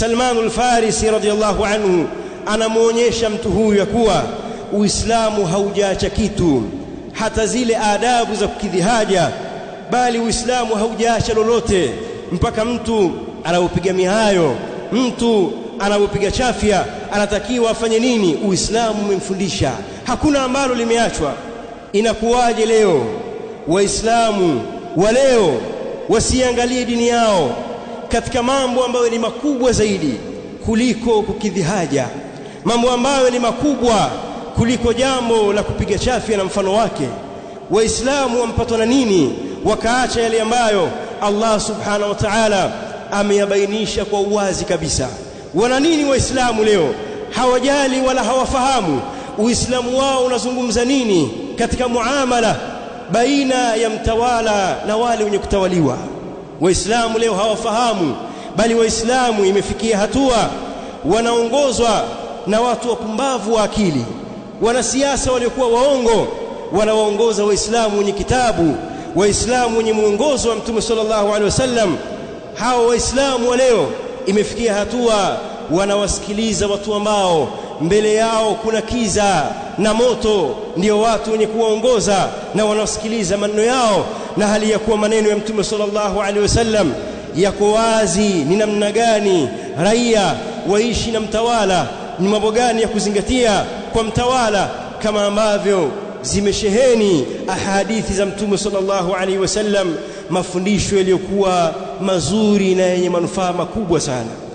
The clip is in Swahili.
Salmanu Lfarisi radhiallahu anhu anamwonyesha mtu huyu ya kuwa Uislamu haujaacha kitu, hata zile adabu za kukidhi haja, bali Uislamu haujaacha lolote, mpaka mtu anapopiga mihayo, mtu anapopiga chafya, anatakiwa afanye nini? Uislamu umemfundisha, hakuna ambalo limeachwa. Inakuwaje leo Waislamu wa leo wasiangalie dini yao katika mambo ambayo ni makubwa zaidi kuliko kukidhi haja, mambo ambayo ni makubwa kuliko jambo la kupiga chafya na mfano wake. Waislamu wampatwa na nini wakaacha yale ambayo Allah subhanahu wa ta'ala ameyabainisha kwa uwazi kabisa? Wana nini Waislamu leo? Hawajali wala hawafahamu Uislamu wao unazungumza nini katika muamala baina ya mtawala na wale wenye kutawaliwa. Waislamu leo hawafahamu, bali Waislamu imefikia hatua wanaongozwa na watu wapumbavu wa akili, wanasiasa waliokuwa waongo wanawaongoza Waislamu wenye kitabu, Waislamu wenye mwongozo wa Mtume sallallahu alaihi wasallam. Hawa Waislamu wa leo imefikia hatua wanawasikiliza watu ambao mbele yao kuna kiza na moto, ndio watu wenye kuwaongoza na wanaosikiliza maneno yao, na hali ya kuwa maneno ya Mtume sallallahu alaihi wasallam yako wazi, ni namna gani raia waishi na mtawala, ni mambo gani ya kuzingatia kwa mtawala, kama ambavyo zimesheheni ahadithi za Mtume sallallahu alaihi wasallam, mafundisho yaliyokuwa mazuri na yenye manufaa makubwa sana.